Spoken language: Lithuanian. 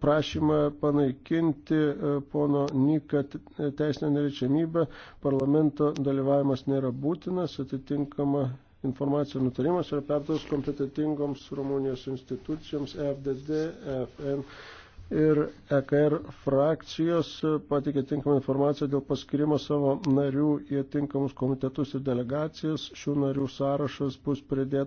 prašymą panaikinti e, pono Nika e, teisinę neliečiamybę. Parlamento dalyvavimas nėra būtinas, atitinkama informacija nutarimas yra perduos kompetitingoms Rumunijos institucijoms FDD, FN ir EKR frakcijos e, patikė tinkamą informaciją dėl paskirimo savo narių į tinkamus komitetus ir delegacijas. Šių narių sąrašas bus pridėtas.